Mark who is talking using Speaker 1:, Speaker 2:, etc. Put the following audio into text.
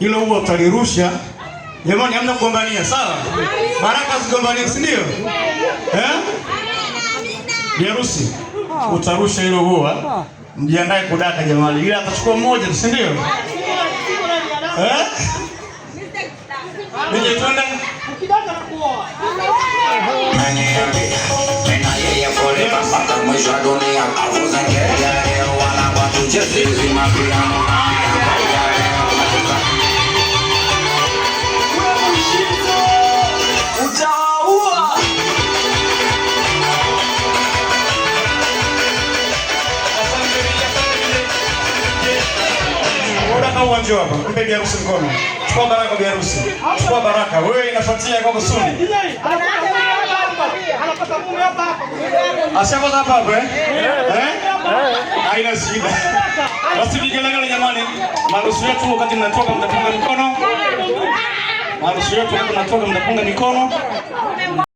Speaker 1: hilo huo utalirusha. Jamani, hamna kugombania, sawa? Baraka zigombania, si ndio? Eh? Jerusi utarusha hilo huo, mjiandae kudaka jamani, ila atachukua mmoja, si ndio? Eh? Nije twende ukidaka na kuoa mwisho wa dunia au wanjo hapa, mpe bi harusi mkono. Chukua baraka bi harusi. Chukua baraka. Wewe inafuatia kwa kusuni. Anapata mume hapa hapa. Ashakoza hapa hapa eh? Eh? Haina shida. Basi vigelegele jamani. Marusi yetu wakati mnatoka mtapunga mikono. Marusi yetu wakati mnatoka mtapunga mikono.